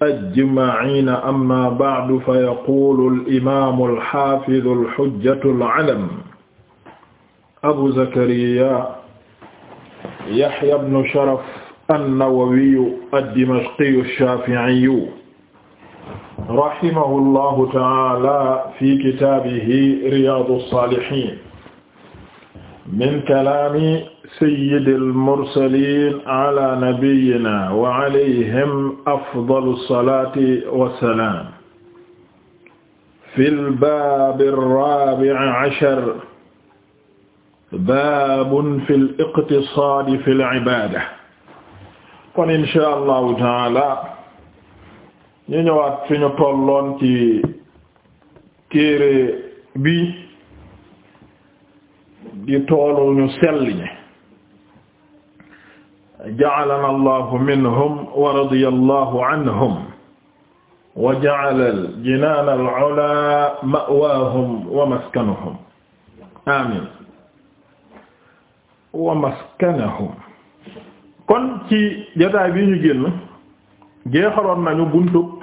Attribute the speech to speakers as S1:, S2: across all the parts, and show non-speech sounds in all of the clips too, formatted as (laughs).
S1: ajma'iin amma ba'du fa yaqulu al-imaam al-haafiz al-hujjatu al-'alam abu zakariya yahya ibn sharaf an-nawawiyu ad-dimashqiyu ash-shaafi'iyu rahimahu llahu ta'aala fi kitaabihi riyaadu as-saalihiin min kalaami sayyidil mursaliin ala nabiyyina wa alayhim afdalu salaati wa salaam. fil baabi raabi'i cashar baabun fil iqtisaadi fil cibaada. kon incha allahu taala ñu ñëwaat fi ñu tolloon ci téere bi. di toolu ñu sell ñi ja'alana allahu minhum wa radiya allahu anhum al-jinaana al-'ulaa ma'waahum wa maskanuhum amiin wa maskanahum kon ci jotaay bi ñu génn jeexaloon nañu buntu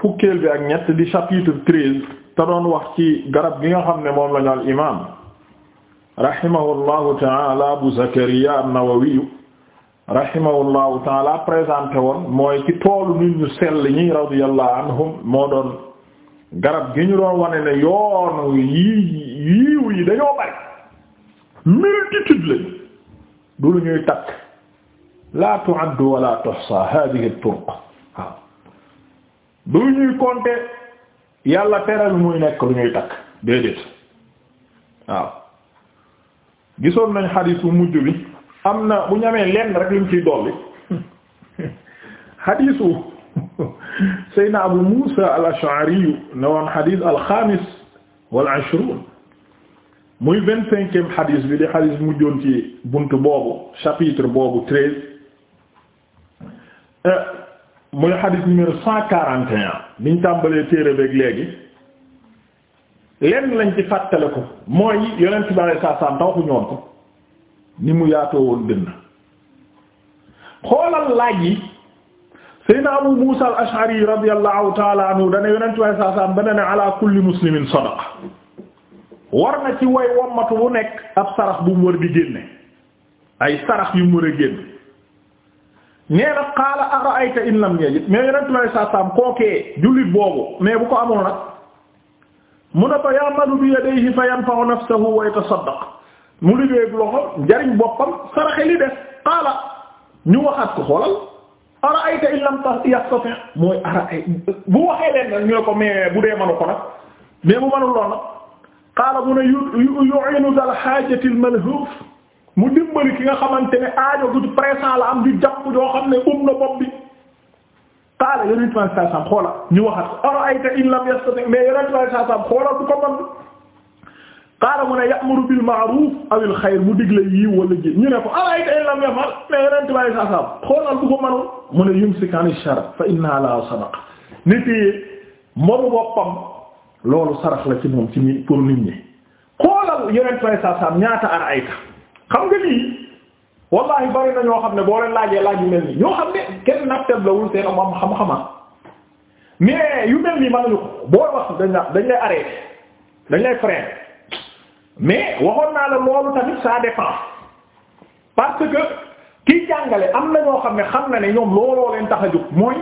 S1: fukkeel bi ak ñett di chapitre treize te doon wax ci garab gi nga xam ne moom lañu al imaam rahimahullahu taala Abu Zakariya an-Nawawi rahimahullahu taala présenté woon mooy ci toolu nit ñu sell ñi radiyallahu anhum moo doon garab gi ñu doon wane ne yoon yii yiiw yi dañoo bari multitude lañu du lu ñuy takk la tu'addu wa la tuhsa hadhihi at-turuq waaw du lu ñuy compter yàlla teral muy nekk lu ñuy takk déedéet waaw gisoon nañ xadiis bu mujj bi am na bu ñamee amee lenn rek luñ ciy dolli xadiisu Seydina Abu Muusa al-Ash'ari ne woon xadiis al-xaamis wal ashruun muy vingt-cinquième xadiis bi di xadiis mujjoon ci bunt boobu chapitre boobu treize euh, muy xadiis numéro cent quarante et un biñ tàmbalee téere beeg léegi lenn lañ ci fàttale ko mooy yonent bi alei saa salaam tawaxu ñoon ko ni mu yaatoo woon dënn xoolal laaj yi Seydina Abu Muusa al-Ash'ari radiyallahu ta'ala anhu dana yonent bi alei saa dana ne na ci way wommatu nekk ab sarax bu mu war di génne ay sarax yu mu war a génn nee na kookee jullit boobu mais bu ko amoon nag mu ne ko ya'malu bi yadayhi fa yanfa'u nafsahu wa yatasaddaq mu liggéey loxo njariñ boppam li def qaala ñu waxaat ko xoolal ara'ayta in lam yastati mooy ara'ay bu waxee leen nag ñu ne ko mais bu dee manu ko nag bu manul lool nag mu ne yu'inu dal haajati al-malhuuf mu dimbali ki nga xamante ne aajo du présent la bi di jàpp joo xam ne um na bopp bi qaala yonent bi saa saam xoola ñu waxat ara'ayta in lam yastati mais yonent bi saa saam xoola du ko man qaala mu ne ya'muru bil ma'ruf aw al xayr mu digle yi wala ji ñu ne ko ara'ayta in lam yafal mais yonent bi saa saam xoolal du ko mënul mu ne yumsik an ash-shar fa inna la sadaqa nit yi moomu boppam loolu sarax la ci moom ci mi pour nit ñi xoolal yonent bi saa saam ñaata ara'ayta xam nga lii wallahi bari na ñoo xam ne boo leen laajee laaj yu mel nii ñoo xam ne kenn nattab lawul seen am xam-xama mais yu mel nii mënuñu ko boo wax dañ la dañ lay arrêté dañ lay freiner mais waxoon naa la loolu tamit ça dépend parce que kiy jàngale am na ñoo xam ne xam na ne ñoom looloo leen tax a jóg mooy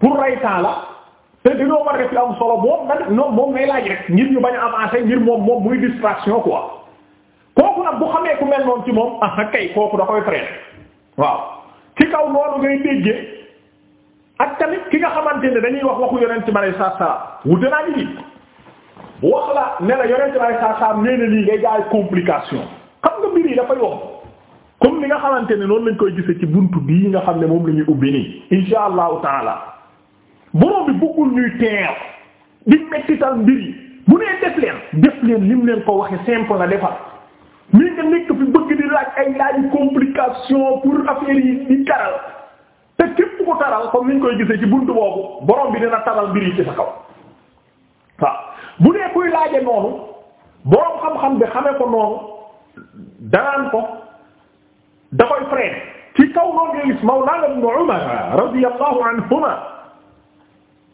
S1: pour raytaan la te dañoo war def lu am solo moom nag moom moom ngay laaj rek ngir ñu bañ a avancer ngir moom moom muy distraction quoi kooku nag bu xamee ku mel moom ci moom ah kay kooku da koy freiner waaw ci kaw noonu ngay déggee ak tamit ki nga xamante ne dañuy wax waxu yonent bi alayhi salaatu salaam wute naa ngi nii wax la ne la yonent bi alayhi salaatu salaam nee na lii ngay jaay complication xam nga mbir dafa yomb comme li nga xamante ne noonu lañ koy gisee ci buntu bii nga xam ne moom la ñuy ubbi nii insha allahu taala borom bi bëggul ñuy teer di mettital mbir yi bu nee def leen def leen lim leen ko waxe simple na defal. mii nga nekk fi bëgg di laaj ay laaj complication pour affaire yi di taral te képp ko taral comme niñ koy gisee ci buntu boobu borom bi dina taral mbir yi ci sa kaw bu dee kuy laaje noonu borom xam-xam bi xamee ko noonu danaan ko da koy freiné ci kaw noonu nga gis Mawlana Ibn Umar radiyallahu anhuma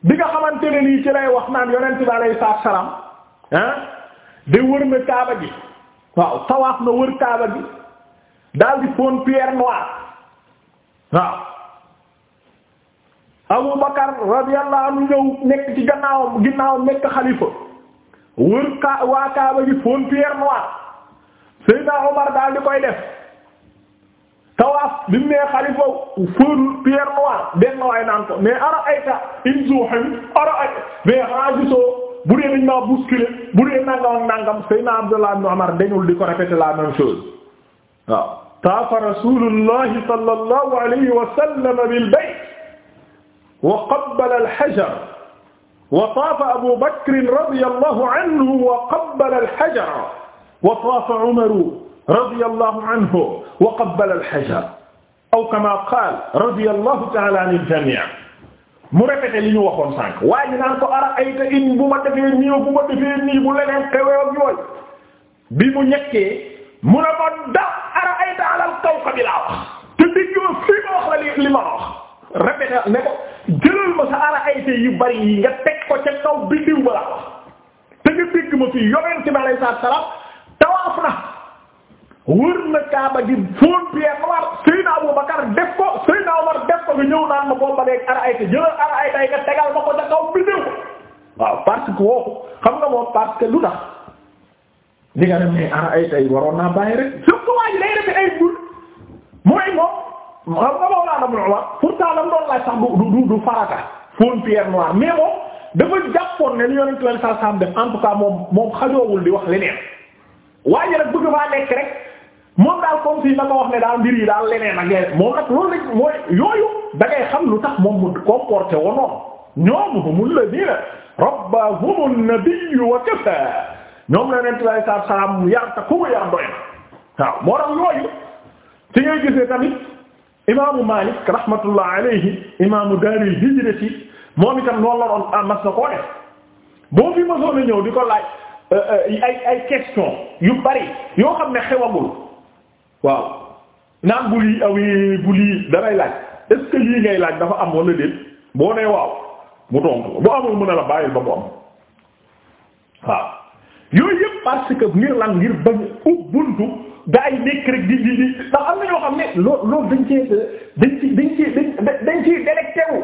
S1: bi nga xamante ne nii ci lay wax naan yonent bi alayhi salaam ah, de wër na Kaaba gi. waaw tawaaf na wër kaaba gi daal di fóon pierre noire waaw Abu Bakar radiyallahu anhu ñëw nekk ci gannaawam ginnaawam nekk xalifa wër kaa waa kaaba gi fóon pierre noire Seydina Omar daal di koy def tawaaf bi mu nee xalifa fóon pierre noire benn waay naan ko mais ara ayta in zuhim ara ay mais xanaa gisoo bu dee dañ maa bousculer bu dee nangam ak nangam Seydina Abdullah ibn Umar dañul di ko répéter la même chose waaw taafa rasulullahi sallallahu alayhi wa sallam bil bayt wa qabbala al-hajar wa taafa Abu Bakr radiyallahu anhu wa qabbala al-hajar wa taafa Umar radiyallahu anhu wa qabbala al-hajar aw kama qaala radiyallahu ta'ala anil jami' mu répété li ñu waxoon sànq waaye ñu naan ko ara ayta in bu bu ma defee nii bu leneen xewee ak yooyu bi mu ñekkee mu ne ma da ara ayta alal kawkabi laa wax te diggoo fii ma wax la li li ma wax répété ne ko jëlal ma sa ara ayta yu bari yi nga teg ko ca kaw biddiw ba laa wax te nga dégg ma fi yonent bi alayhi salaam tawaaf na wër na kaaba gi fóon pierre noir Seydina Abubakar def ko Seydina ñëw naan ma boobu ba léegi ay te jëlal ara ay tay nga tegal ma ko ca kaw bi néew waaw parce que wooku xam nga moom parce que lu tax li nga ne mais ara ay tay waroon naa bàyyi rek surtout waa ji day def ay bul mooy moom moom moom xajoowul di wax leneen waaye rek bëgg faa nekk rek moom daal comme si dafa wax ne daal mbir yi daal leneen ak leneen moom nag loolu lañ mooy yooyu da ngay xam lu tax moom mu comporté wonoon ñoom humul ladina rabbahum an-nabiyyu wa kafa ñoom la nent lay sa salaam yar ta ku mu yar doy na waaw moo tax yooyu ci ngay gisee tamit imaamu Maalik rahmatullah alayhi imaamu daaril hijrati moom itam noonu la doon amas ah na koo def boo fi mësoon a ñëw di ko laaj euh, euh, ay ay question yu bari yoo xam ne xewagul waaw naan bu lii aw ah bu lii danay laaj est ce ngay laaj dafa am wala déet boo nee waaw mu tontu bu amul mu ne la bàyyil ba mu am waaw yooyu yëpp parce que ngir lan ngir bañ ub buntu gaa yi nekk rek di di di ndax am na ñoo xam ne loo loolu dañ cee dañ ci dañ ci dañ ciy délecté wu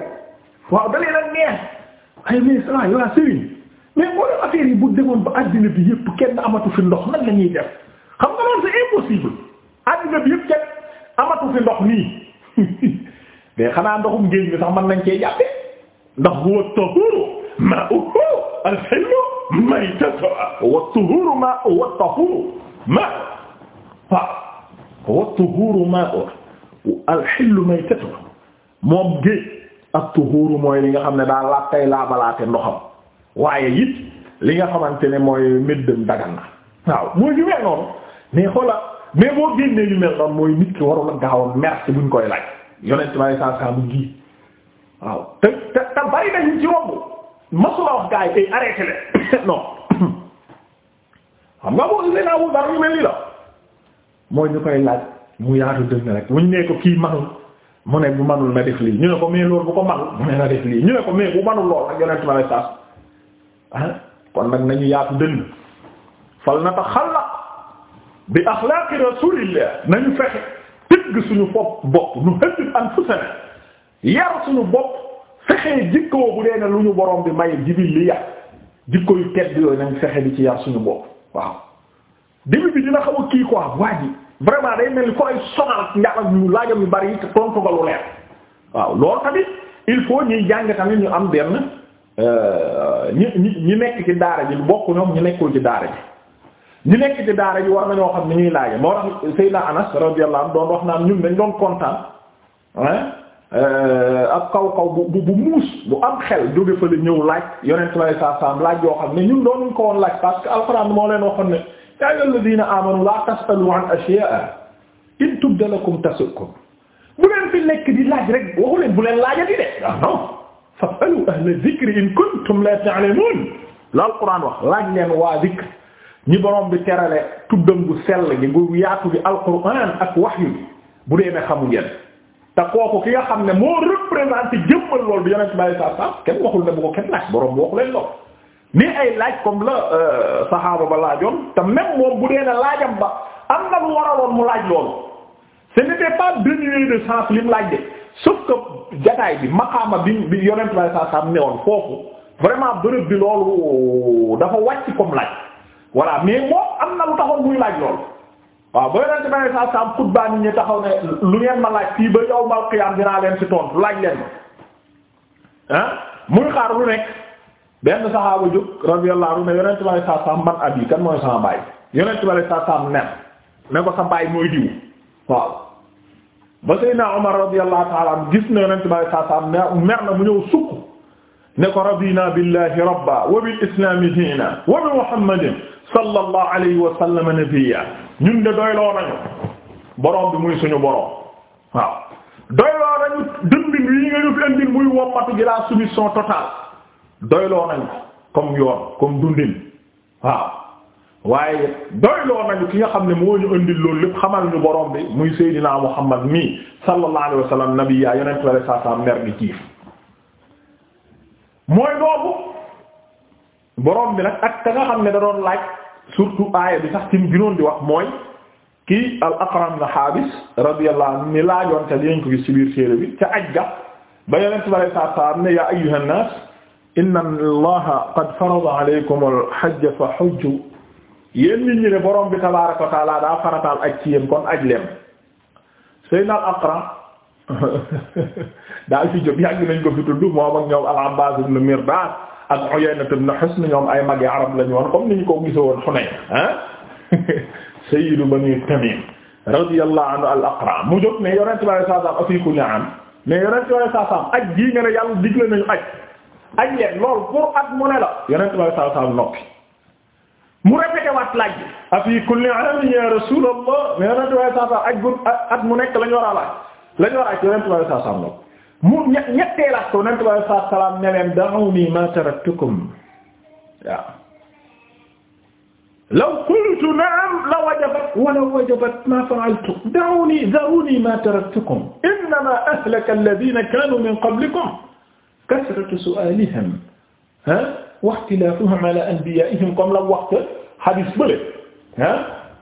S1: waaw da leen neex ay mais ça yow ah Serigne mais mooy affaire yi bu demoon ba addina bi yëpp kenn amatu fi ndox nan la ñuy def xam nga loolu c'est impossible. àddina bi yëpp kenn amatu fi ndox nii (laughs) mais xanaa ndoxum géej gi sax man nañ cee jàppe ndax huwa tahuru ma'uhu al-hillu maytatu wa tahuru ma'u wa tahuru ma'u moom géej ak mooy li nga xam ne daa laaj tey laabalaate ndoxam waaye it li nga xamante ne mooy méddam dagan na waaw mooy li noonu mais xoola mais boo génnee yu mel noonu mooy nit ki warul a gaaw a merci buñ koy laaj yonent bi saa saa mu ngi waaw te te te bari nañu ci romb masula wax gaa yi tey arrêté leen (coughs) non (coughs) xam nga boo gisee naa bu dara yu mel ni la mooy ñu koy laaj mu yaatu dëgg na rek buñ nee ko kii manul mu ne bu manul na def lii ñu ne ko mais loolu bu ko manul mu ne na def lii ñu ne ko mais bu manul lool ak yonent bi saa ah kon nag nañu yaatu dënn fal na tax xal la. bi axlaaqi rasulillah nañu fexe tëgg suñu bopp bopp nu haddid anfusana yar suñu bopp fexee jikkoo bu dee ne lu ñu borom bi may jibil li yàq jikko yu tedd yooyu nañ fexe bi ci yar suñu bopp waaw début bi dina xaw a kii quoi waa ji vraiment day mel ni ko ay sonal njàllam ñu laajam yu bari te tontu nga lu leer waaw loolu tamit il faut ñuy jàng tamit ñu am benn euh, ñi ñi ñi nekk ci daara ji bokk ñoom ñu nekkul ci daara ji ñu nekk ci daara ji war nañoo xam ni ñuy laaje moo tax Seydina Anas radiyallahu anhu doon wax naan ñun dañ doon kontaan euh, ak kaw kaw bu bu muus bu am xel jóge fa la ñëw laaj yonent sallallahu alayhi wasallam laaj yoo xam ne ñun doonuñ ko woon laaj parce que alxuraan moo leen waxoon ne yaa ayyuhal ladina amanu la tasalu an ashya'a in tubda lakum tasukum bu leen fi nekk di laaj rek waxu leen bu leen laajati de ah fasalu ahla dhikri in kuntum la ta'lamun la alxuraan wax laaj leen waa ñi borom bi terale tuddam gu sell gi gu yaatu gi alquran ak wax bi bu dee ne xamu ngeen te kooku ki nga xam ne moo représenté jëmmal loolu bi yonent bi saa saa kenn waxul ne bu ko kenn laaj ay laaj comme la euh, saxaaba ba laajoon te même moom bu dee ne laajam ba am na lu waraloon mu laaj loolu ce n'était pas dénué de sens lim laaj de sauf que jataay bi maqaama bi bi yonent bi saa saa am ne woon foofu vraiment bërëb bi loolu dafa wàcc comme laaj. voilà mais moom am na lu taxoon muy laaj lool waaw ba yonente bi alei satu salaam xutbaa nit ñi taxaw ne lu ngeen ma laaj fii ba yawmal qiyaam dinaa leen ci tontu laaj leen ma muy xaar lu nekk benn saxaaba jóg radiyallahu anhu ne yonente bi alei satu salaam man abi kan mooy sama baay yonente bi alei satu salaam nen ko sa baay mooy diw waaw ba na mer na mu ñëw sukk ne ko radina billahi rabba wa bil islami diina wa bi muhammadin sallallahu alayhi wa sallam nabiyya ñun de doyloo nañu borom bi muy suñu borom waaw doyloo nañu dundin wi nga ñu fi muy wommatu gi la soumission doyloo nañu comme yoon comme dundin waaw waaye doyloo nañu ki nga xam ne moo ñu andil loolu lépp xamal ñu borom bi muy Seydina Muhammad mi sallallahu alayhi wa sallam nabiyya yonent la mooy boobu borom bi nag ak ka xam ne da doon laaj. surtout aaya bi sax ci mu ginoon wax mooy kii al aqram na xaabis radiyallahu anhu ni laajoon te dinañ ko gis ci biir séeré bi ca aj ga ba yonent bi alayhi salaatu salaam ne yaa ayyuha nnaas inna allaha qad farada alaykum al hajj fa hujju yéen nit ñi ne borom bi aj ci yéen kon aj leen al aqram (laughs) daal fi jóg yàgg nañ ko fi tudd moom ak al Abbaas ibn Mirdaas ak Uyayna ibn Hisn ñoom ay mag arab lañu woon comme ni ñu ko gisoon Hunayn ah (laughs) sayyidu bani Tamim radiyallahu anhu al-Aqra mu jóg ne yonent bi sallallahu alayhi wasallam afiiku ni'am mais yonent bi sallallahu alayhi wasallam aj gii nga ne yàlla digle nañu aj ak leen loolu pour at mu ne la yonent bi sallallahu alayhi wasallam noppi mu répété waat laaj bi afi kulli am ya rasulullah mais yonent bi sallallahu alayhi wasallam aj bu at mu nekk lañu war a laaj lañu war a aj yonent bi sallallahu alayhi wasallam noppi mu ña ñetteelaat ko Yonent bi sallallahu alayhi wa sallam ne leen da'uunii maa taraktukum waaw law qultu na'am la wajabat wa law wajabat maa fa'altu da'uunii da'uunii maa taraktukum innamaa ahlaka alladhiina kaanuu min qablikum kasratu su'aalihim wa ikhtilaafuhum 'alaa anbiyaa'ihim comme la waxtu hadiis bële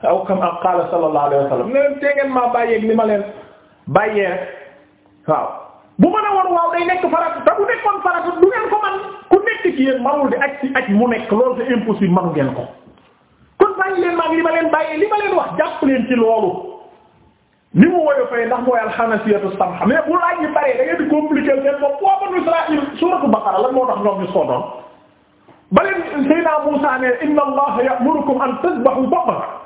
S1: aw kamaa qaala sallallahu alayhi wa sallam ne leen te ngeen maa bàyyeeg li ma leen bàyyee waaw bu mën waaw day nekk farata te bu nekkoon farata du ngeen ko man ku nekk ci yéen manul di aj ci aj mu nekk loolu c'est impossible manu ngeen ko kon bàyyi leen maag li ma leen bàyyee li ma leen wax jàpp leen ci loolu ni mu woyo fay ndax mooy alxanasiyatu samha mais bu laaj yi baree da ngeen di compliquer leen moom waa banu Israël suuratu Baqara lan moo tax ñoom ñu soonoon ba leen Seydina Muusaa ne inna Allaha ya'murukum an tadhbahu baqara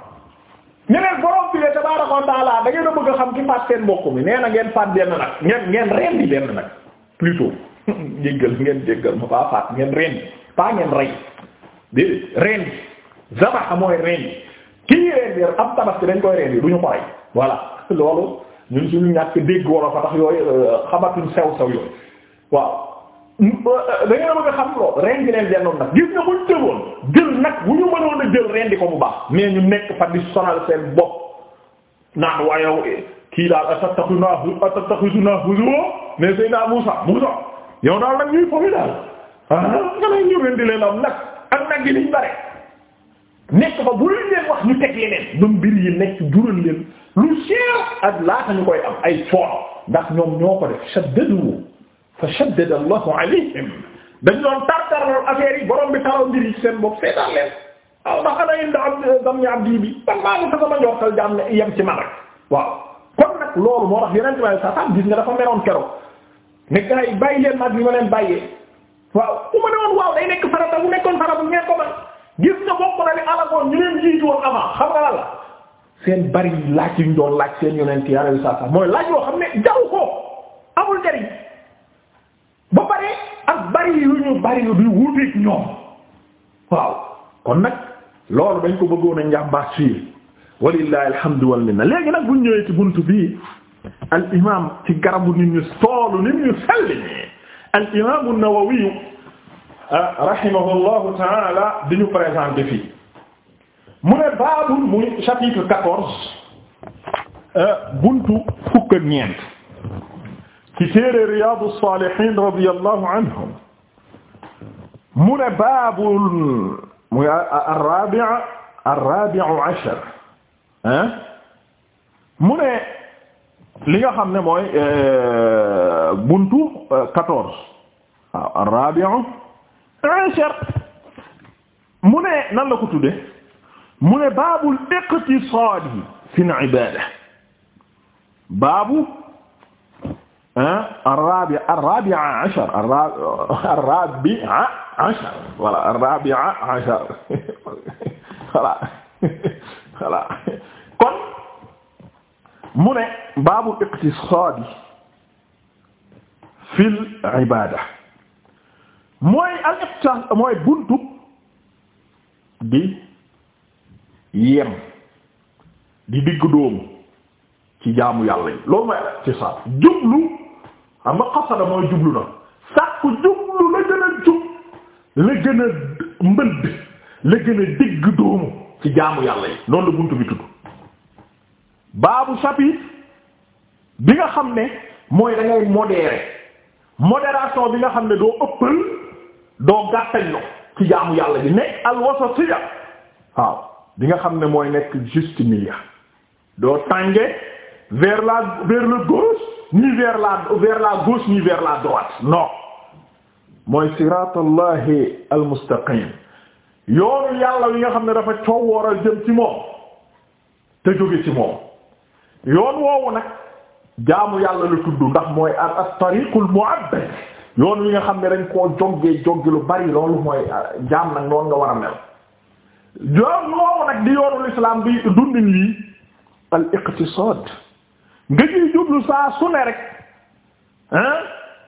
S1: ñu ne borom bi tabaaraka wa taala da ngeen a bëgg a xam ki faat seen mbokk mi nee na ngeen faat benn nag ngeen ngeen rendi benn nag plutôt (laughs) jéggal ngeen jéggal ma baa faat ngeen rendi pas ngeen rey déedéet rendi zabaxa mooy rendi kii rendi ab tabaski dañ koy rendi du ñu ko rey voilà (laughs) loolu ñun suñu ñàkk dégg wala fa tax yooyu euh, xamatuñ sew sew yooyu waaw euh, euh, da ngeen a bëgg a xam loolu rendi leen nag gis nga buñ tëboon ñun nag bu ñu mënoon a jël rendi ko bu baax mais ñu nekk fa di sonal seen bopp naan waa yow eh, kii daal atattakhiduna atattakhiduna huzwa mais Seydina Muusa Muusa yow daal nag ñuy foofu daal ah nga ne ñu rendi leen am nag ak nag yi liñ bare nekk fa bu leen wax ñu teg yeneen ñoom mbir yi nekk jural leen lu cher ak laata ñu koy am ay coono ndax ñoom ñoo ko def shaddadu fa shaddada Allahu alayhim dañ doon tartaral affaire yi borom bi taral mbir yi seen bopp seetaan leen waaw ndax ana indi dam ñu ab bi man maa ngi ko sama njortal yem ci man waaw kon nag loolu moo tax yeneen tubaab yi sax gis nga bàyyi leen mag li ma leen bàyyee waaw ku ma ne woon nekkoon farata bu ko man gis nga bokk na ni alagoon ñu leen jiitu woon avant xam nga la seen bari laaj yu ñu doon laaj seen yonent yàlla yu sax mooy laaj woo xam ne jaru ko amul njariñ ak bari yu ñu bari yu di wuteek ñoom waaw kon nag loolu dañ ko bëggoon a njàmbaas fii walillahi alhamdu wal minna léegi nag buñ ñëwee ci buntu bii al imam ci garabu nit ñu toolu nit ñu sell ñi al imam an-Nawawi ah, rahimahullahu taala di ñu présenté fii mu ne baabul muy chapitre quatorze ah, buntu fukk ak ñeent ci téere Riyadu Salihin radiyallahu anhum mu ne baabul muy ar-rabi' ar-rabi'u ashar ah mu ne li nga xam ne mooy euh, buntu euh, quatorze waaw ar-rabi'u ashar mu ne nan la ko tudde mu ne baabul iqtisaadi fi al-ibaada baabu arrabi arrabia achar arrabia achar voilà arrabia achar (laughs) voilà (laughs) voilà kon mu ne baabu iqtisaadi fil ibada mooy al iqtisaad mooy buntu di yem di diggu dóomu ci jaamu yàlla yi mooy al iqtisaad jublu am nga xasada mooy jublu na sàkku jublu la gën a jub la gën a mbënd la gën a digg doomu ci jaamu yàlla yi noonu la buntu bi tudd baabu chapitre bi nga xam ne mooy da ngay bi nga xam ne doo ëppal doo gàttañ lo ci jaamu yàlla bi nekk al wasatiya waaw bi nga xam ne mooy nekk juste milieu doo tànge vers la vers le gauche ni vers la vers la gauche ni vers la droite non mooy siratallahi almustaqim yoonu yàlla wi nga xam ne dafa coow wooral jëm ci moom te jóge ci moom yoon woowu nag jaamu yàlla la tudd ndax mooy al at-tariqul mu'abbad yoon wi nga xam ne dañ koo joggee joggi lu bari loolu mooy jaam nag noonu nga war a mel yoon woowu nag di yoonu l'islam bi dundin yi al iqtisad nga ciy jublu saa su rek ah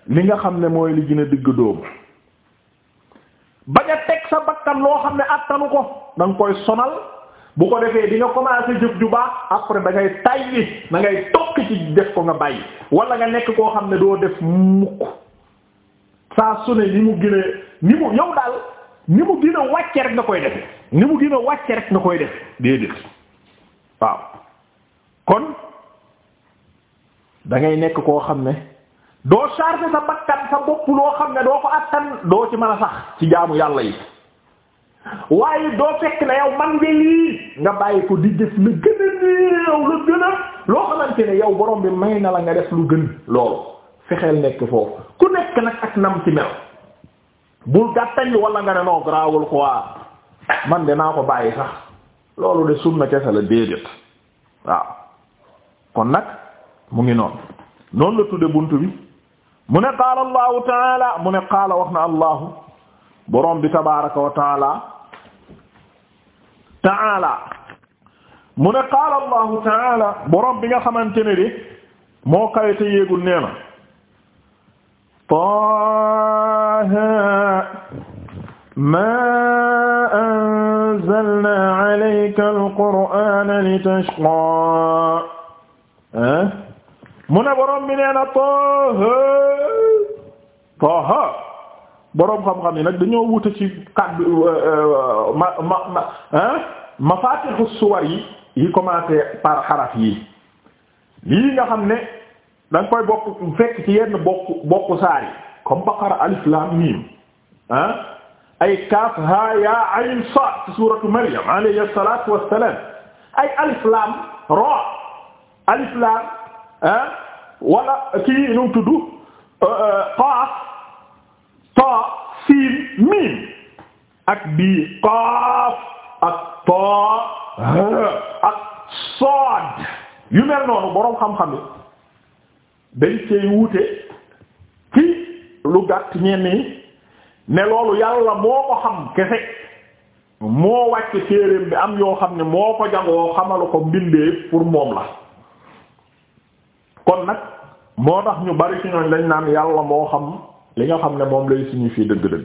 S1: li nga xam ne mooy li gën a digg dóomu bañ a teg sa bakkan loo xam ne attanu ko da koy sonal bu ko defee dinga nga commencer ju baax après da ngay tayyi da ngay tokk ci def ko nga bàyyi wala nga nekk koo xam ne doo def mukk saa su ne ni mu gën ni mu yow daal ni mu gën wàcce rek nga koy defe ni mu gën a wàcce rek nga koy def déedéet waaw kon da ngay nekk koo xam ne doo charger sa bakkan sa bopp loo xam ne doo ko attan doo ci mën a sax ci jaamu yàlla yi waaye doo fekk na yow man nga lii nga bàyyi ko di def la gën a gën loo xamante ne yow bi may na la nga def lu gën loolu fexeel nekk foofu ku nekk nag ak nam ci mel bul gàttañ wala nga ne noo garaawul quoi man de naa ko bàyyi sax loolu de sunna kese la déedéet waaw kon nag mu ngi noonu noonu la tudde bunt bi mu ne qaala allahu taala mu ne qaala wax na allahu borom bi tabaraka wa taala taala mu ne qaala allahu taala borom bi nga xamante ne de moo kawite yéegul nee na taaha maa anzalna alayka alqur'ana litashqa mu ne borom bi nee na tooha tooha borom xam-xam yi nag dañoo wute ci kàddu euh, euh, ma ma ma ah mafaatihu suwar yi yi commencé par xaraf yi lii nga xam ne da nga koy bokk fekk ci yenn bokk bokk saar yi comme baqara alif ah ay kaaf ha ya ayn sad ci suratu maryam alayhi salatu wassalam ay ah wala kii nu mu tudd euh, euh, qaaf taa siin ak bii qaaf ak taa ak saad yu mel noonu boroom xam-xam yi dañ cee wuute ci lu gàtt ñenn ne loolu yàlla moo ko xam kese moo wàcc téereem bi am yoo xam ne moo ko jàngoo xamalu ko mbindeef pour moom la kon nag moo tax ñu bari ci ñooñ dañ naan yàlla moo xam li nga xam ne moom lay fii dëgg-dëgg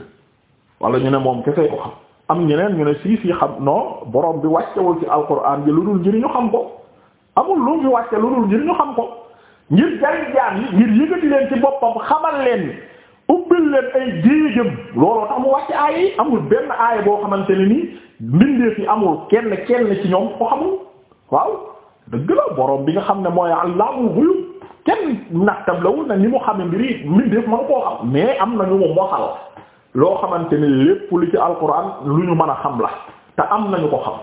S1: wala ñu ne moom kese ko xam am ñeneen ñu ne sii sii xam non borom bi wàccewul ci alquran bi lu dul ngir ñu xam ko amul lu fi lu dul ngir ñu xam ko ngir jariñ leen ci boppam xamal leen ubbil leen ay jéejëm looloo tax mu wàcce aaya yi amul benn aaya boo xamante ne nii mbindeef yi amul kenn kenn ci ñoom ko xamul waaw dëgg la borom bi nga xam ne mooy àllaamul xuyub kenn nattam lawul na ni mu xame mbiri min def man koo xam mais am na ñu mu xal loo xamante ni lépp li ci alquran lu ñu mën a xam la te am nañu ko xam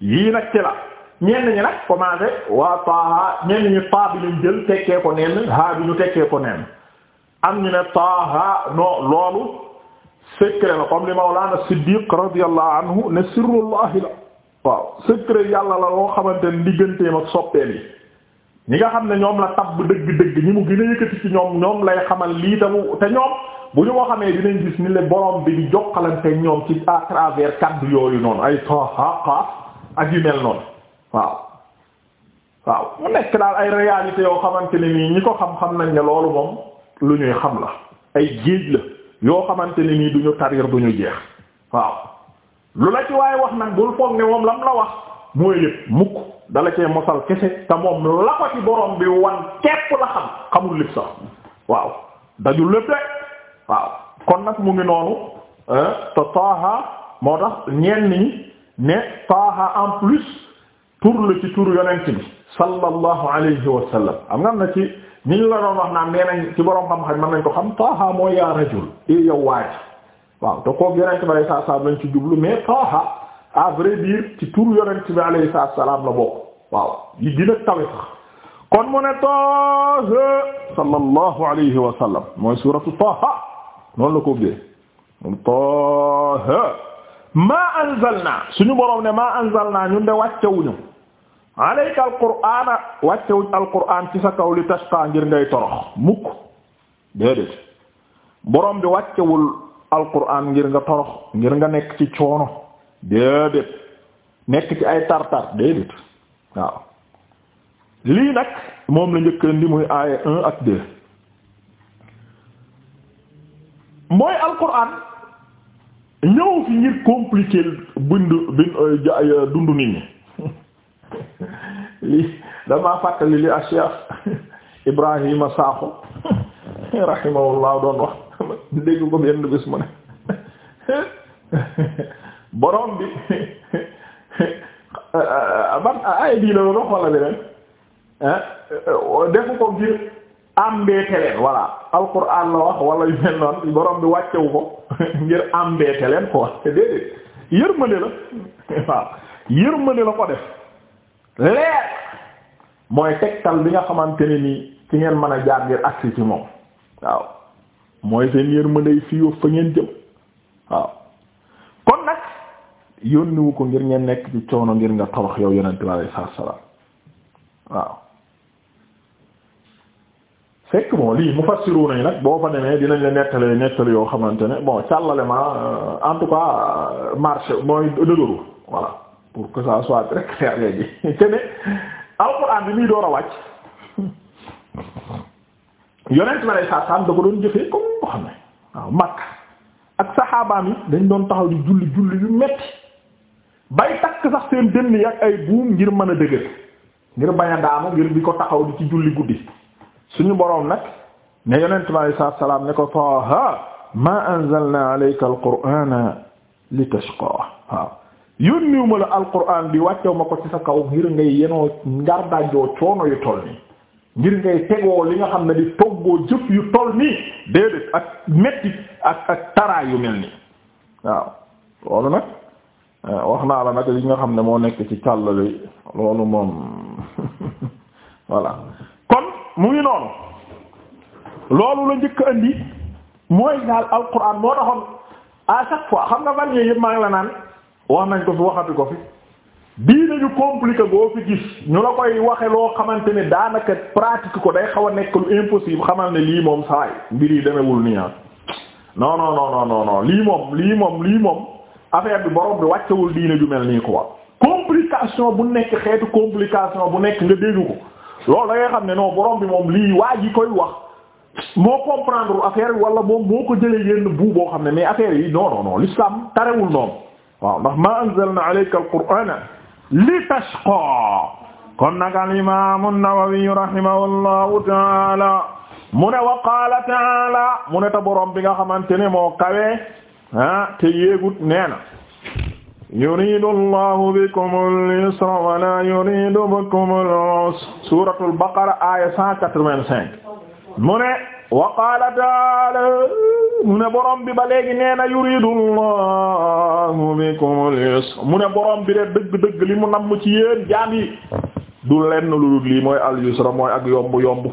S1: yii nag ci la ñenn ñi nag commencé waa taaha ñenn ñi taa bi ñu jël tekkee ko neen haa bi ñu tekkee ko neen am ñu ne taaha non loolu secret la comme li Mawlana Siddiq radiyallahu anhu ne sirrullahi la waaw secret yàlla la loo xamante ne digganteem ak soppeem yi ñi nga xam ne ñoom la tabb dëgg-dëgg ñi mu gën a yëkkati ci ñoom ñoom lay xamal lii te mu te ñoom bu ñu ko xamee dinañ gis ni le borom bi di jokkalante ñoom ci à travers kaddu yooyu noonu ay taaxaaxaaf ak yu mel noonu waaw. waaw mu nekk daal ay réalité yoo xamante ni ñi ko xam-xam nañ ne loolu moom lu ñuy xam la ay géej la yoo xamante ni nii du ñu tarir ñu jeex waaw lu la ci waaye wax nag bul foog ne moom lam la wax. mooy lépp mukk dala cee mosal kese te moom la ko ci borom bi wan képp la xam xamul lépp sax waaw dajul lépp rek waaw kon nag mu ngi noonu te taaha moo tax ñenn ñi ne taaha en plus tur la ci tur yonent bi sallallahu alayhi wa sallam am nga am na ci ñi ñu la doon wax naan nee nañ ci borom xam-xam mën nañ ko xam taaha mooy yaa rajul i yow waaj waaw te kook yonent bi sallallahu alayhi wa sallam lañ ci jublu mais taaha à vrai dire ci tur yonent bi alayhi salaam la bokk waaw yi gën a kon mu ne Taaha sallallahu alayhi wa mooy suuratu Taaha noonu la ko bi Taaha maa anzalnaa suñu boroom ne maa anzalnaa ñun de wàccewuñu alayka alqur'aana wàccewuñ alqur'aan ci sa kaw li tashqaa ngir ngay torox mukk déedéet boroom bi wàccewul alqur'aan ngir nga torox ngir nga nekk ci coono. déedéet nekk ci ay tartar déedéet waaw lii nag moom la njëkk li muy aaya un ak deux mooy alquran ñëw fi ngir compliquer bind bind euh, euh, dundu nit ñi (laughs) lii damaa fàttali li a Cheikh Ibrahima Sakho (laughs) rahimahullah doon wax (laughs) dégg ko benn bis mu ne borom bi (laughs) euh, ban ay bii la doon wala leneen euh, defu ko ngir embêter leen voilà alquran la wax wala yu mel noonu borom bi wàccewu ko (laughs) ngir embêter leen quoi déedéet (laughs) yërmande la ko def leer mooy tegtal bi nga xamante ne nii ci ngeen mën a jaar ngir agsi ci moom waaw mooy seen yërmande fii fa ngeen jëm. yónniwu ko ngir ngeen nekk ci coono ngir nga torox yow yonent bi alayhi salaam waaw fekk bon lii mufassiruna yi nag boo fa demee dinañ la nettale nettale yoo xamante ne bon càllale ma euh, en tout cas euh, marché mooy dëgëru voilà pour que ça soit très clair léegi (laughs) te ne alxuraan bi muy door a wàcc yonent bi alayhi salaam da ko doon jëfee comme ko xam ne waaw Makka ak saxaabaam yi dañ doon taxaw di julli julli yu metti bay takk sax seen dënn yi ak ay buum ngir mën a dëgër ngir bañ a daanu ngir bi ko taxaw di ci julli guddi suñu boroom nag ne yonent bi alayhi salaatu salaam ne ko Taaha maa anzalnaa alayka alqur'aana litashqaa waaw yónniwu ma la alqur'aan bi wàccew ma ko ci sa kaw ngir ngay yenoo ngar daajoo coono yu toll nii ngir ngay tegoo li nga xam ne di toggoo jëf yu toll nii déedéet ak metti ak ak taraa yu mel nii waaw loolu nag Euh, wax naa la nag li nga xam ne moo nekk ci càllale loolu moom (laughs) voilà kon mu ngi noonu loolu la njëkk andi mooy daal alquran moo taxoon à chaque fois xam nga fan yooyu yëpp maa ngi la naan wax nañ ko fi waxati ko fi bii nañu compliqué boo fi gis ñu la koy waxe loo xamante ne daanaka pratique ko day xaw a nekk lu impossible xamal ne lii moom saay mbir yi demewul nii ah non non non non lii moom lii moom lii moom affaire bi borom bi wàccewul diine ju mel nii quoi complication bu nekk xeetu complication bu nekk nga dégg ko loolu da ngay xam ne noo borom bi moom lii waa ji koy wax moo comprendre affaire bi wala moom moo ko jëlee yenn bu boo xam ne mais affaire yi non non non l'islam tarewul noonu waaw ndax ma anzalna alayka alqur'ana li tashqa kon nag al imam nawawi rahimahullahu ta'ala ta'ala mu ta borom bi nga xamante ne moo kawe ah te yéegut nee na yuridu allahu bikumul yusra wala yuridu bikumul usra suuratul baqara aaya 185 mu ne wa qaala borom bi ba léegi nee yuridu allahu bikumul yusra mu ne borom bi de dëgg-dëgg li mu namm ci yéen jaam du lenn lu dul lii mooy al yusra mooy ak yomb yomb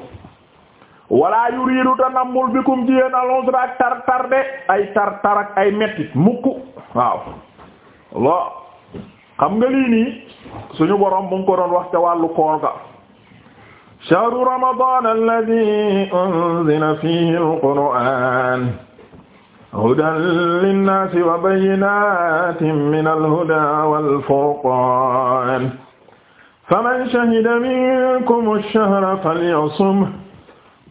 S1: wala yuriidu ta nammul bikum ci yéen al usra ak tar tar de ay tar tar ak ay mettit mukk waaw lo xam nga lii nii suñu borom mu ngi ko doon wax ca wàllu koor ga shahru ramadan alladhi unzila fihi alquran hudan linnaasi wa bayyinatin min alhuda wal furqan faman shahida minkum ash-shahra falyasum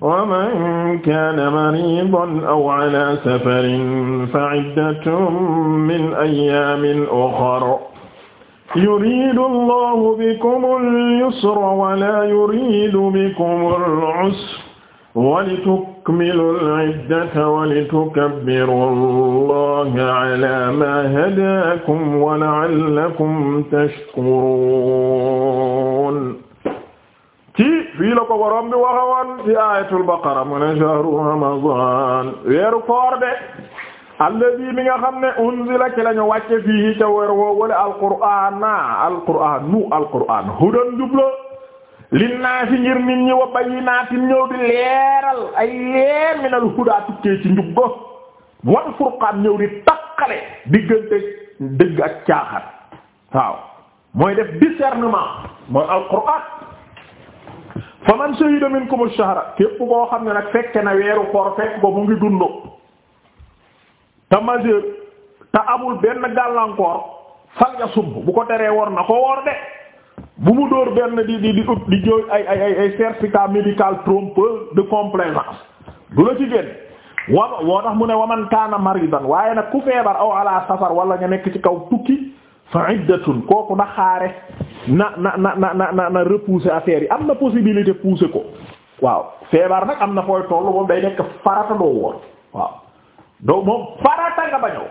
S1: waman kaana mariidan aw ala safarin fa iddatun min ayyaamin ukhar yuriidu allahu bikumul yusra wala yuriidu bikumul usra walitukmilul iddata walitukabbiru allaha ala maa hadaakum wa la'allakum tashkuruun fii la ko borom bi waxoon ci ayatul baqara mu shahru ramadan weeru koor de alladi mi nga xam ne unzila ci lañu wàcce fii ca weer woo wala alqur'ana alqur'an nu alqur'an hudan jubla linnaasi ngir nit ñi wa bayyinaatin ñëw di leeral ay leer hudaa tukkee ci njub go wal furqaan ñëw di takkale diggante dëgg ak caaxaan waaw mooy def discernement mooy alqur'an fa man shahida minkum ash-shahra képp koo xam ne nag fekke na weeru koor fekk ko mu ngi dund te majeur te amul benn gàllankoor fal ya sumb bu ko teree woor na ko woor de bu mu dóor benn di di di ut di jooy ay ay ay ay certificat médical trompeur de complaisance du la ci génn wa tax mu ne waman kaana maridan waaye nag ku feebar aw ala safar wala nga nekk ci kaw tukki fa iddatun kooku na xaare na na na na na na repousser affaire yi am na possibilité pousser ko waaw feebar nag am na fooy tollu moom day nekk farata doo woor waaw doo moom farata nga bañoo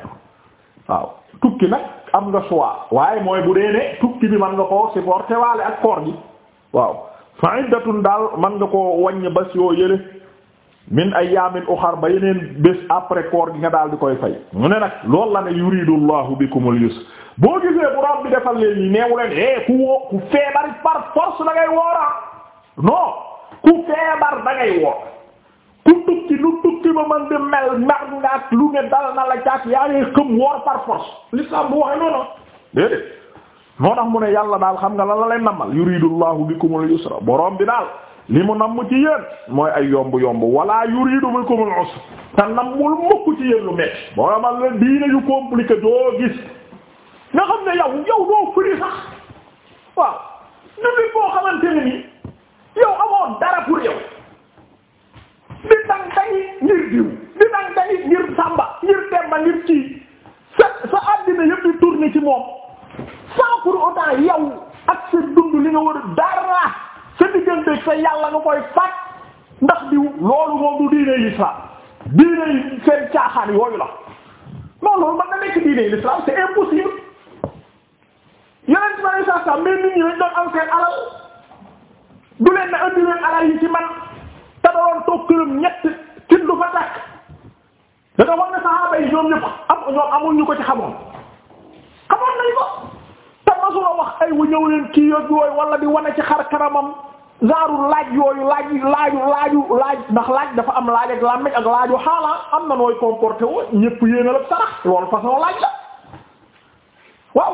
S1: waaw tukki nag am nga choix waaye mooy bu dee ne tukki bi mën nga koo ko supporter waale ak koor gi waaw fa iddatun daal mën nga ko ba si woo yële min ayaamin uxar ba yeneen bés après koor gi nga daal di koy fay mu ne nag lool la ne yuridu llahu bikumul yusr boo gisee bu rob bi defal leen ñi neewu leen eh ku woo ku feebar par force da woora non ku feebar da woor ku tukki lu tukki ba man di mel mar ngaak lu ne dal na la caak yaa ngay xëm woor par force l'islam bu waxee noonu déedéet moo tax mu ne yàlla daal xam nga la la leen nammal yuridu llahu bikumul yusra borom bi daal li mu namm ci yéen mooy ay yomb-yomb wala yuridu bikumul usr te nammul mukk ci yéen lu metti moo amal leen diine yu compliqué doo gis nga xam ne yow yow doo firi sax waaw ñu nit boo xamante ne ni yow amoon dara pour yow di dang day ngir diw di dang day ngir kanamam genre laaj yooyu laaj laaju laaju laaj ndax laaj dafa am laaj ak làmmiñ ak laaju xaala am na nooy comporté woo ñépp yéena la sarax loolu façon laaj la waaw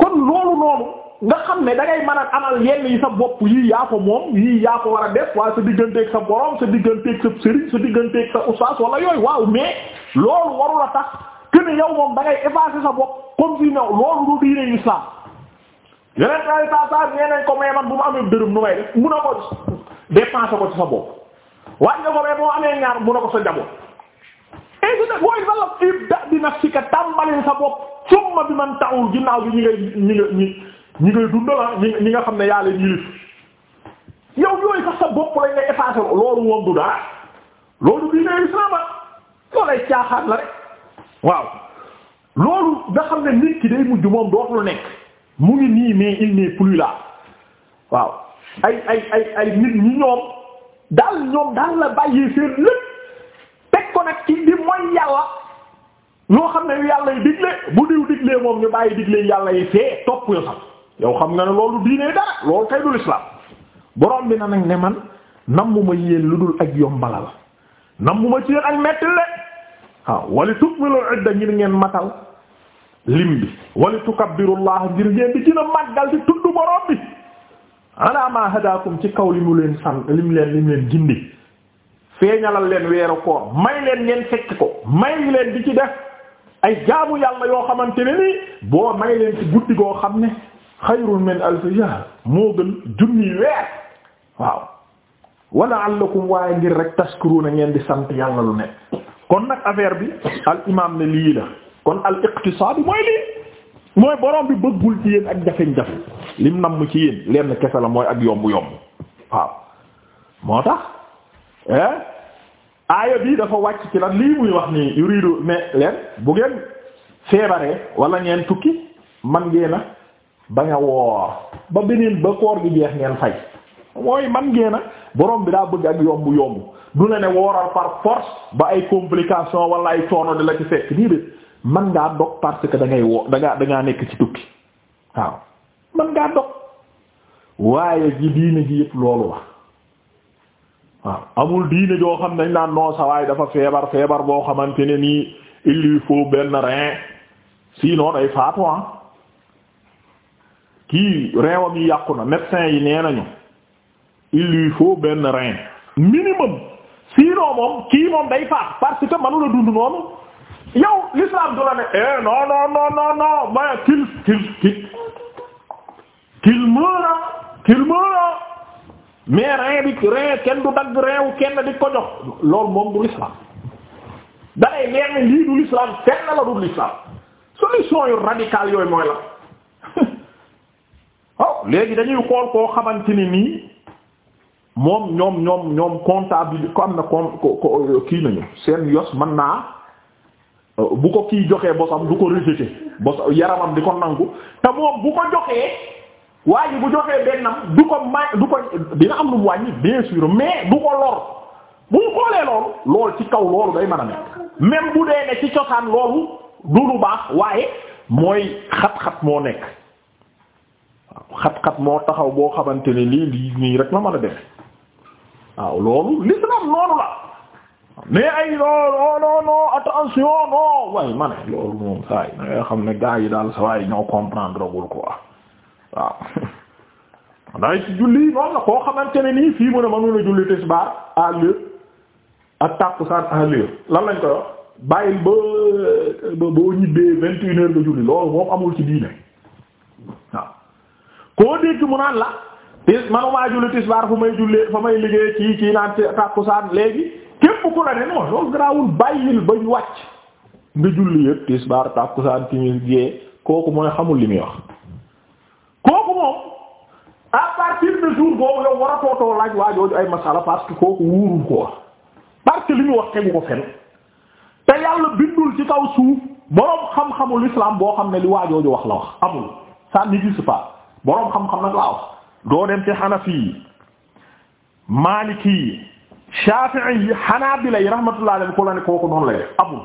S1: kon loolu noonu nga xam ne da ngay mën a amal yenn yi sa bopp yii yaa ko moom yii yaa ko war a def waaye sa digganteeg sa borom sa digganteeg sa sëriñ sa digganteeg sa oustaz wala yooyu waaw mais loolu warula tax que ne yow moom da ngay sa bopp comme si new loolu du diine islam yeneen saa yi saa saa nee ko may man bu ma amee dërëm nu may def mun a ko dépenser ko ci sa bopp waaye nga ko may boo amee ñaar mun a ko sa njaboot. et puis nag wooy bala ibda bi nafsika tàmbalil sa bopp summa bi man ta'ul ginnaaw bi ñi ngay ñi nga ñi ñi dundal ah, ñi ñi nga xam ne yàlla leen yilif yow yooyu sax sa bopp lañ ngay effacer loolu moom du loolu bii ne islaama ah, loo lay caaxaan la rek waaw loolu nga xam ne nit ki day mujj moom dootul nekk. mu ngi nii mais il n'est plus waaw ay ay ay nit ñi ñoom daal ñoom daal la bàyyee seen lépp teg ko nag ci di mooy yàlla ñoo xam ne yu yàlla yi digle bu diw diglee moom ñu bàyyi digle yàlla yi fee topp yoo xam yow xam nga ne loolu diine dara loolu kay dul islam borom bi na nag ne man nammuma yéen lu dul ak yombalal nammuma ci yéen ak metti le waaw wali tukmilu idda ngir ngeen matal lim bi wali tukabbirullah ngir ngeen di gën a màggal di tudd borom bi ala ma hadakum ci kaw limu mu leen sant lim leen lim leen gindi feeñalal leen weeru koor may leen ngeen fekk ko may leen di ci def ay jaamu yàlla yoo xamante ne boo may leen ci guddi goo xam ne xayrun min alf moo gën junni weer waaw wala allakum waaye ngir rek na ngeen di sant yàlla lu nekk kon nag affaire bi al imam ne lii la kon al iqtisaad mooy lii mooy borom bi bëggul ci yéen ak jafe-jafe lim mu ci yéen lenn kese la mooy ak yomb-yomb waaw moo tax ah aaya bii dafa wàcc ci lan lii muy wax nii yuridu ne leen bu ngeen feebaree walla ngeen tukki man ngeen a bañ a woor ba beneen ba koor gi jeex ngeen fay mooy man ngeen a borom bi daa bëgg ak yomb-yomb du la ne wooral par force ba ay complication wala ay coono de la ci fekk nii de. man ngaa dog parce que dangay ngay woo da nekk ci tukki waaw man ngaa dog waaye ji diine ji yëpp loolu la waaw amul diine joo xam ne dañ naan non sa waay dafa feebar feebar boo xamante ne nii il lui faut benn rein sinon day faatu ah kii reewam yi yàqu na médecin yi nee nañu il lui faut benn rein minimum sinon moom kii moom day faat parce que mënu la dund noonu yow l'islam du la ne eh non non non non non mais qu'il qu'il qu'il qu'il meure qu'il meure mais rein bi rein kenn du dagg reewu kenn di ko jox loolu moom du l'islam dalay leer ne lii du l'islam kenn la du l'islam solution yu radicale yooyu mooy la waaw (laughs) oh, léegi dañuy xool koo xamante ni nii moom ñoom ñoom ñoom comptable ko am na ko kii nañu seen yos mën naa bu ko kii joxee bosam du ko rejeté bos yaramam di ko nangu te moom bu ko joxee waa bu joxee bennam du ko ma du ko dina am lu mu wàññi bien sûr mais du ko lor bu mu xoolee loolu loolu ci kaw loolu day mën a nekk même bu dee ne ci cosaan loolu du lu baax waaye mooy xat-xat moo nekk waaw xat-xat moo taxaw boo xamante ne lii lii nii rek la man a def waaw loolu l'islam noonu la mais ay non non non loolu moom saa yi nga xam ne gars yi daal saa yi ñoo comprendre wul quoi waaw. (laughs) ndax ci julli noonu la koo xamante ne nii fii mu ne mënu julli tisbaar à l'heure ak tàkkusaan à l'heure lan lañ ko wax bàyyil ba ba boo ñibbee vingt une heures nga julli loolu moom amul ci diine waaw koo dégg mu naan la tis manumaa julli tisbaar fu may jullee fa may liggéey ci ci naan tàkkusaan léegi. képp ku la ne non loolu garaawul bàyyil ba ñu wàcc nga julli yëpp tisbaar tàkkusaan kooku mooy xamul li muy wax kooku moom à partir de boobu yow war a tootoo laaj waa ay masala parce que kooku wuurul ko wax parce que li muy wax tegu ko fen te yàlla bindul ci kaw suuf boroom xam-xamul islam boo xam ne li waa jooju wax la wax amul ça n'existe pas boroom xam-xam nag laa wax doo dem ci Hanafi yi Maliki yi Shafi'i yi bi yi rahmatullah alayhi ku la ne kooku noonu lay def amul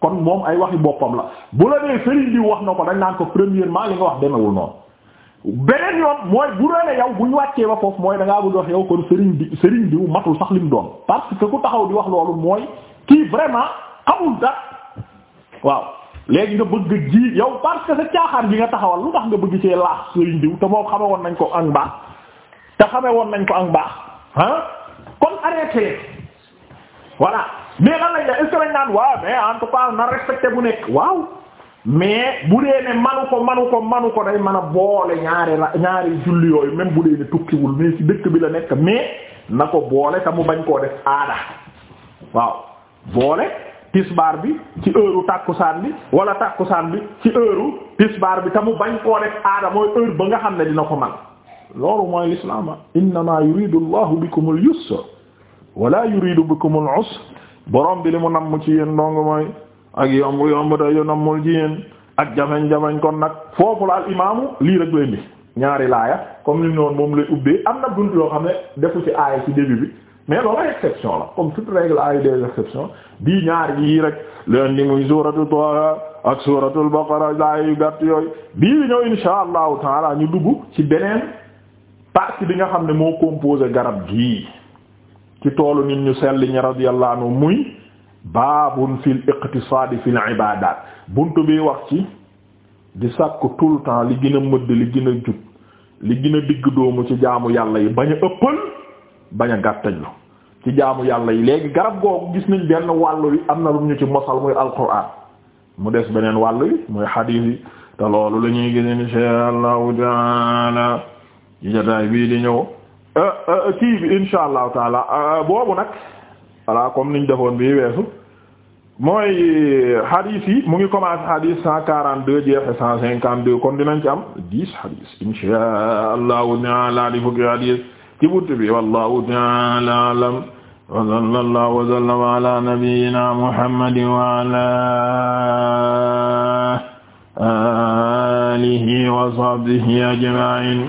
S1: kon moom ay wax waxi boppam la bu la nee sëriñ bi wax na ko dañ naan ko premièrement li nga wax demewul noonu beneen yoon mooy bu doone yow bu ñu wàccee ba foofu mooy da ngaa bëgg wax yow kon sëriñ bi sëriñ bi matul sax li mu doon parce que ku taxaw di wax loolu mooy kii vraiment amul dara waaw léegi nga bëgg ji yow parce que sa caaxaan bi nga taxawal lu tax nga bëgg cee laax sëriñ diw te moom xame woon nañ ko ak baax te xame woon nañ ko ak baax ah kon arrêté leen voilà mais lan lañ def est-ce que naan waaw mais na respecté bu nekk waaw mais bu dee ne manu ko manu ko manu ko day mën a boole ñaari la ñaari julli yooyu même bu dee ne tukkiwul mais dëkk bi la nekk mais na ko boole te mu bañ koo def aada waaw boole tisbaar bi ci heure tàkkusaan bi wala tàkkusaan bi ci heure tisbaar bi te mu bañ koo def aada mooy heure ba nga xam ne dina ko man loolu mooy lislaama innama yuridu allahu bikum al yusra wala yuridu bikum al usra borom bi li mu namm ci yéen ndongo mooy ak yomb yomb da yu nammul ci yéen ak jafeñ-jafeñ kon nag foofu la al imaamu lii rek leen di ñaari laaya comme li noonu moom lay ubbee am na bunt yoo xam ne defu ci aaya ci début bi mais loolu exception la comme toute règle ay des exceptions bii ñaar yii rek leen di muy suuratu Taaha ak suuratul Baqara laaya yu gàtt yooyu bii ñëw insha allahu taala ñu dugg ci beneen partie bi nga xam ne moo composé garab gii ci toolu nit ñu sell ñi radiyallahu anhu muy baabun fil iqtisaadi fil ibaadaat buntu bi wax ci di sàkk tout le temps li gën a mëdd li gën a jub li gën a digg doomu ci jaamu yàlla yi bañ a ëppal bañ a gàttañlu ci jaamu yàlla yi léegi garab googu gis nañ benn wàllu yi am na lu ñu ci mosal muy alquran mu des beneen wàll yi muy xadiis yi te loolu la ñuy gis insha allahu taala ci jotaay bii di ñëw euh, euh, kii bi taala euh, boobu nag voilà comme niñ defoon bii weesu mooy hadith mu ngi commencé hadith cent quarante deux jeexe cent cinquante deux kon dinañ ci am dix hadith insha taala di fukki hadith ci buntu bi wallahu taala alam wa sallallahu wa sallama ala nabiyyina muhammadin wa ala alihi wa sahbihi ajma'in